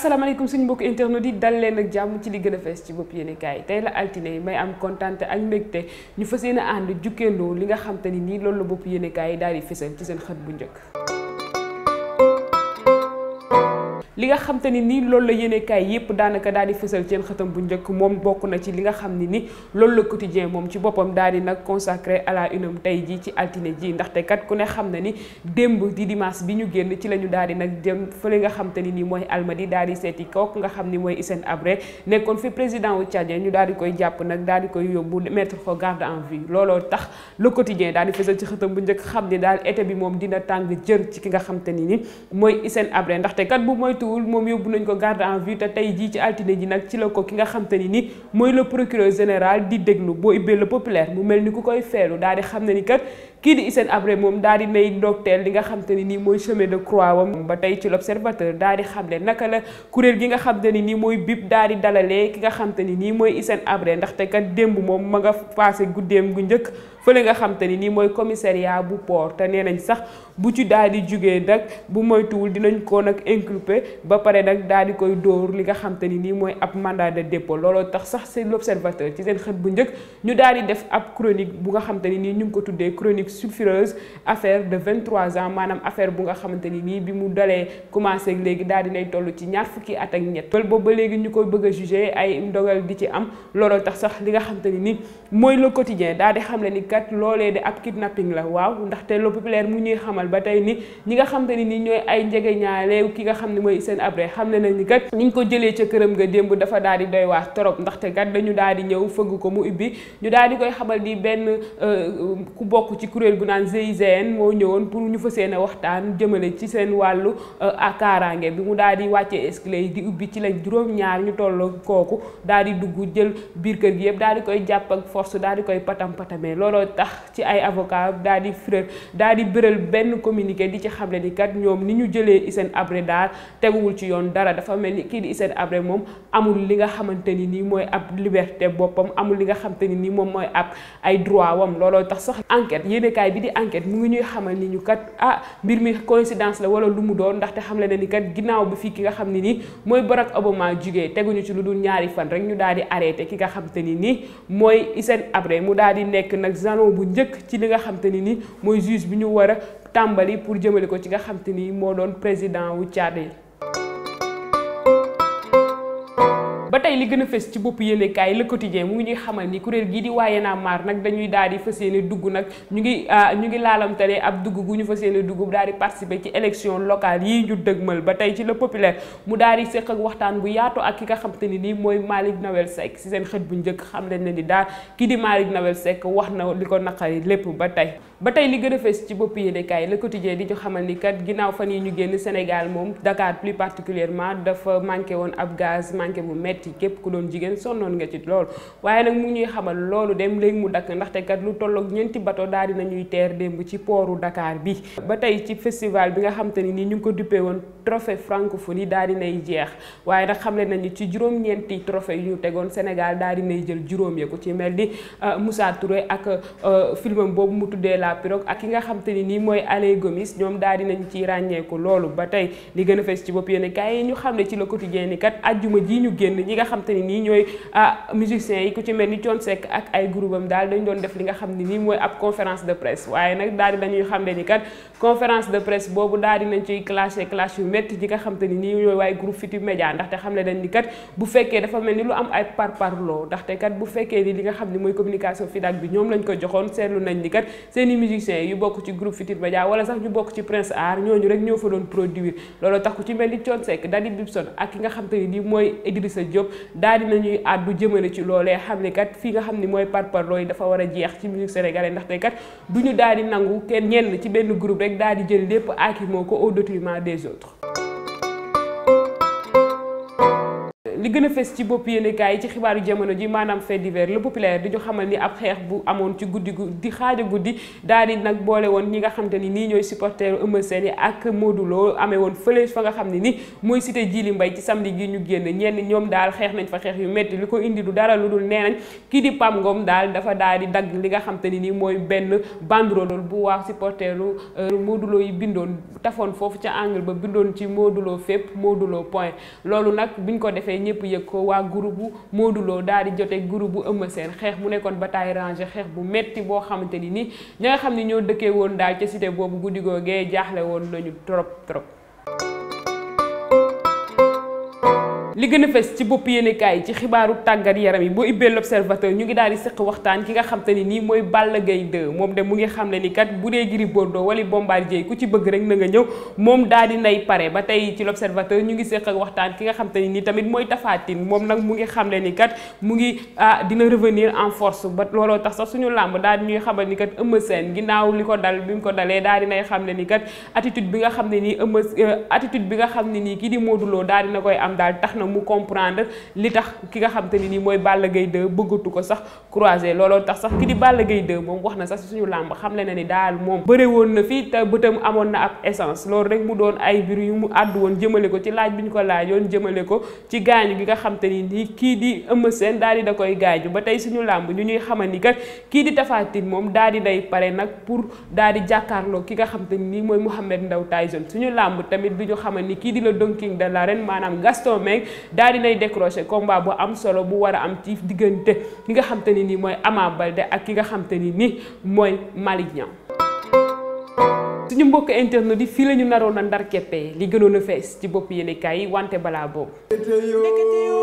asalaamaaleykum suñu mbokk internet yi dal leen ak jàmm ci li gën fees ci bopp yéen tey la altine may am kontante ak mbegte ñu fas yéene ànd jukkeendoo li nga xam ni nii loolu la bopp yéen yi daal di fësal ci seen xët bu njëkk li nga xam te ni nii loolu la yéenekaay yépp daanaka daal di fësal seen xëtam bu njëkk moom bokk na ci li nga xam ne ni loolu la quotidien moom ci boppam daal di nag consacré à la une tey jii ci altine ji ndaxte kat ku ne xam na ni démb di dimanche bi ñu génn ci la ñu daal di nag dem fële nga xam te ni nii mooy almadi daal di seeti kooku nga xam ni mooy Hissène Habré nekkoon fi président wu Tchadien ñu daal di koy jàpp nag daal di koy yóbbu mettre ko garde en vue looloo tax le quotidien daal di fësal ci xëtam bu njëkk xam ni daal été bi moom dina tàng jër ci ki nga xam te ni ni mooy Hissène wul moom yóbbu nañ ko garde en vue te tey jii ci altine ji nag ci la ko ki nga xam ni ni mooy le procureur général di déglu boo ibbee le populaire mu mel ni ku koy feelu daal di xam ne ni kat kii di Hissène Habré moom daal di nay ndogteel li nga xam te ni nii mooy chemin de croix wam ba tey ci l'observateur daal di xam ne naka la kuréel gi nga xam te ni nii mooy bip daal di dalalee ki nga xam te ni nii mooy Hissène Habré ndaxte kat démb moom ma nga passé guddeem gu njëkk fële nga xam te ni moy commissariat bu port te nee nañ sax bu ci daldi di jugee nag bu moytuwul dinañ ko nak inculpé ba paré nak daldi koy door li nga xam te ni moy ab mandat de dépôt lolo tax sax c'est l'observateur ci sen xet bu njëkk ñu daldi def ab chronique bu nga xam te ni ñu ko tuddé chronique sulfureuse affaire de 23 ans manam affaire bu nga xam xamante ni nii bi mu dalee commencé léegi daal di nay tollu ci ñaar fukki at ak ñet loolu boobu ba légui ñu koy bëgg juger ay ndogal di ci am lolo tax sax li nga xam te ni moy le quotidien daldi xam le ni kat lolé de ab kidnapping la ndax té lo populaire mu ñuy xamal ba tay ni ñi nga xam tane ni ñoy ay njégué ñaalé ki nga xam ni moy Hussein abre xam na nañ ni kat ni ko jëlé ci kërëm nga dembu dafa daal di doy waar torop té kat dañu daal di ñëw fëgg ko mu ubbi ñu daal di koy xamal di euh, ku bokku ci kurel gu naan GIGN mo ñëwoon pour ñu fassé waxtaan jëmele ci seen wàllu euh, kaaraange bi mu daal di wàccee escalier di ubbi ci lañ juroom ñaar ñu tolloo koku daal di dugg jël biir kër gi yëpp daal koy japp ak force daal koy patam patamé lolo looloo tax ci ay di fëral daal di bëral benn communiqué di ci xamle ni kat ñoom ni ñu jëlee Hissène Habré daal teguwul ci yoon dara dafa mel ni kii di Hissène moom amul li nga xamante ni nii mooy ab liberté boppam amul li nga xamante ni nii moom mooy ab ay droit wam looloo tax sax enquête yéenekaay bi di enquête mu ngi ñuy xamal ni ñu kat ah mbir mi coïncidence la wala lu mu doon ndaxte xamle na ni kat ginnaaw bi fii ki nga xam ni nii mooy Barack Obama jugee teguñu ci lu dul ñaari fan rek ñu daal di arrêté ki nga xamante ni nii mooy Hissène Habré mu daal nekk nag jalon bu njëkk ci li nga xam ni nii mooy juge bi ñu war a tàmbali pour jëmale ko ci nga xam ni moo doon président wu Tchad yi ba tey li gën a fës ci bopp yéenekaay Le Quotidien mu ngi ñuy xamal ni kuréel gii di waaye naa maar nag dañuy daal di fas yéene dugg nag ñu ngi ah, ñu ngi laalamte ne ab dugg gu ñu fas yéene dugg daal di participer ci élection locale yi ñu dëgmal ba tey ci la Populaire mu daal di séq ak waxtaan bu yaatoo ak ki nga xam te nii mooy Malick Nawel Seck si seen xët bu njëkk xam leen ne ni daal kii di Malick Nawel Seck wax na li ko naqari lépp ba tey ba tey li gën a fës ci bopp la Le Quotidien di ñu xamal ni kat ginnaaw fan yi ñu génn Sénégal moom Dakar plus particulièrement dafa manqué woon ab gaz manqué bu metti képp ku doon jigéen sonnoon nga ci lool waaye nag mu ñuy xamal loolu dem léegi mu dakk ndaxte kat lu tolloog ñeenti bato daal di nañuy teer démb ci pooru Dakar bi ba tey ci festival bi nga xam te ni nii ñu ngi ko duppee woon trophée francophonie daal di nay jeex waaye nag xamle nañu ci juróom-ñeenti trophée yu tegoon Sénégal daal di nay jël juróom ya ci mel ni euh, Moussa Touré ak euh, filmam boobu mu tuddee la la pirogue ak ki nga xam te ni nii mooy Allé Gomis ñoom daal dinañ ci ràññeeku loolu ba tey li gën a fees ci bopp yéen kaay yi ñu xam ne ci le quotidien ni kat ajjuma ji ñu génn ñi nga xam te ni nii ñooy ah, musiciens yi ku ni Thione Seck ak ay groupam daal dañ doon def li nga xam ne mooy ab waaye nag daal di dañuy ni kat te xam ne dañ ni kat bu fekkee dafa mel ni lu am ay par parloo ndaxte kat bu fekkee ni li nga xam ne mooy communication FIDAK bi ñoom lañ ko joxoon seetlu nañ ni kat seen musiciens yu bokk ci groupe Futurs Médias wala sax ñu bokk ci Prince Art ñooñu rek ñoo fa doon produire loolu tax ku ci mel ni Thione Seck Dadi Bibson ak nga xam te ni mooy Idrissa Diop daal dinañuy yi dafa a jeex ci musique sénégalaise ndax tey kat du ñu daal di nangu kenn ci benn groupe rek daal di jël lépp aakimoo ko au détriment des autres li gën a fes ci bopp yéenekaay yi ci xibaaru jamono ji maanaam fait divers le populaire di ñu xamal ni ab xeex bu amoon ci guddi gu di xaaja guddi daal di nag boole woon ñi nga xam te ni nii ñooy supporteru Eumeu Sène yi ak Modou Lo fële fa nga xam ne ni mooy cité Djily Mbaye ci samedi gi ñu génn ñenn ñoom daal xeex nañ fa xeex yu metti li ko indi lu dara lu dul nee kii di Pam ngoom daal dafa daal di dagg li nga xam te ni nii mooy benn banderole bu waa supporteru euh, Modou Lo yi bindoon tafoon foofu ca angle ba bindoon ci Modou fépp Modou ko ñëpp yëg ko waa groupe bu Modou Lo daal di jote groupe bu Eumeu seen xeex mu nekkoon bataille rangée xeex bu metti boo xamante ni ni ña nga xam ni ñoo dëkkee woon daal ca cité boobu guddi googee jaaxle woon nañu trop trop li gën a fës ci bopp yéenekaay yi ci xibaaru tàggat yaram yi boo ibbee l'observateur ñu ngi daal di seq waxtaan ki nga xam te ni nii mooy Balla Gaye 2 moom de mu moom daal nay pare ba tey ci ngi seq ak waxtaan ki nga xam te ni nii tamit mooy Tapha Tine moom nag mu ngi xam ne mu ngi ah, dina revenir en force ba looloo tax sax suñu làmb daal di ñuy xamal ni kat Eumeu Sène ginnaaw ko dal bi mu ko dalee daal di nay xam ne ni bi nga xam ne nii Eumeu euh, attitude bi nga xam ne nii kii di Modou daal dina koy am daal tax na mu comprendre li tax ki nga xam te ni nii mooy Balla Gaye 2 bëggatu ko sax croisé looloo tax sax ki di Balla gay 2 moom wax na sax suñu làmb xam le ne daal moom bëre woon na fii te bëtam amoon na ab essence loolu rek mu doon ay mbir yu mu àddu woon jëmale ko ci laaj bi ñu ko laajoon jëmale ko ci gaañu gi nga xam ni nii kii di Eumeu seen daal di da koy gaañu ba tey suñu làmb ñu ñuy xamal ni kat kii di Tapha moom daal di day pare nag pour daal di jàkkaarloo ki nga xam te nii mooy Mouhamed Ndao Tyson suñu làmb tamit du ñu xamal ni kii di la donking de l'arène maanaam Gaston Mbengue daal dinay décroché combat bu am solo bu war a am ci diggante ki nga xam te ni nii mooy Ama Baldé ak ki nga xam te ni nii mooy Malick suñu mbokk interne di fi lañu ñu naroon a ndar keppee li gënoon a fees ci bopp yéenekaay yi wante balaa boobu.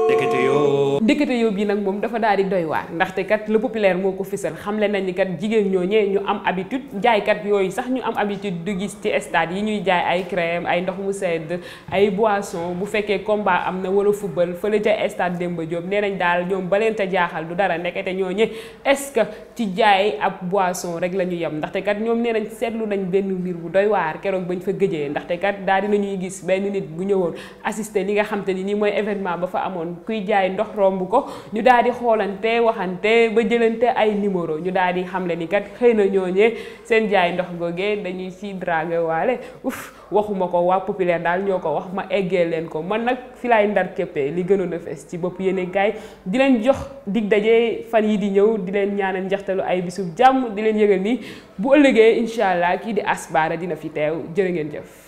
ndekete yoo ndekete yoo bi nag moom dafa daal di doy waar ndaxte kat le populaire moo ko fisal xamle nañ ni kat jigéen ñooñee ñu am habitude jaaykat yooyu sax ñu am habitude du gis ci stade yi ñuy jaay ay crème ay ndox mu sedd ay boisson bu fekkee combat am na wala football fële ca stade Demba Diop nee nañ daal ñoom ba leen ta jaaxal du dara ndekete ñooñee est-ce que ci jaay ab boisson rek la ñu yem ndaxte kat ñoom nee nañ seetlu nañ benn mbir bu doy waar keroog bañ fa gëjee ndaxte kat daal dina ñuy gis benn nit bu ñëwoon assister li nga xam te ni nii mooy événement ba fa amoon kuy jaay ndox romb ko ñu daal di xoolante waxante ba jëlante ay numéro ñu daal di xamle ni kat xëy na ñooñee seen jaay ndox googee dañuy ci dragué waale uf waxuma ko waa populaire daal ñoo ko wax ma eggee leen ko man nag fi laay ndar képpee li gënoon a fees ci bopp yéene gaay di leen jox dig daje fan yi di ñëw di leen ñaanal njaxtalu ay bisub jàmm di leen ni Daara Dina fi teew jërë ngeen jëf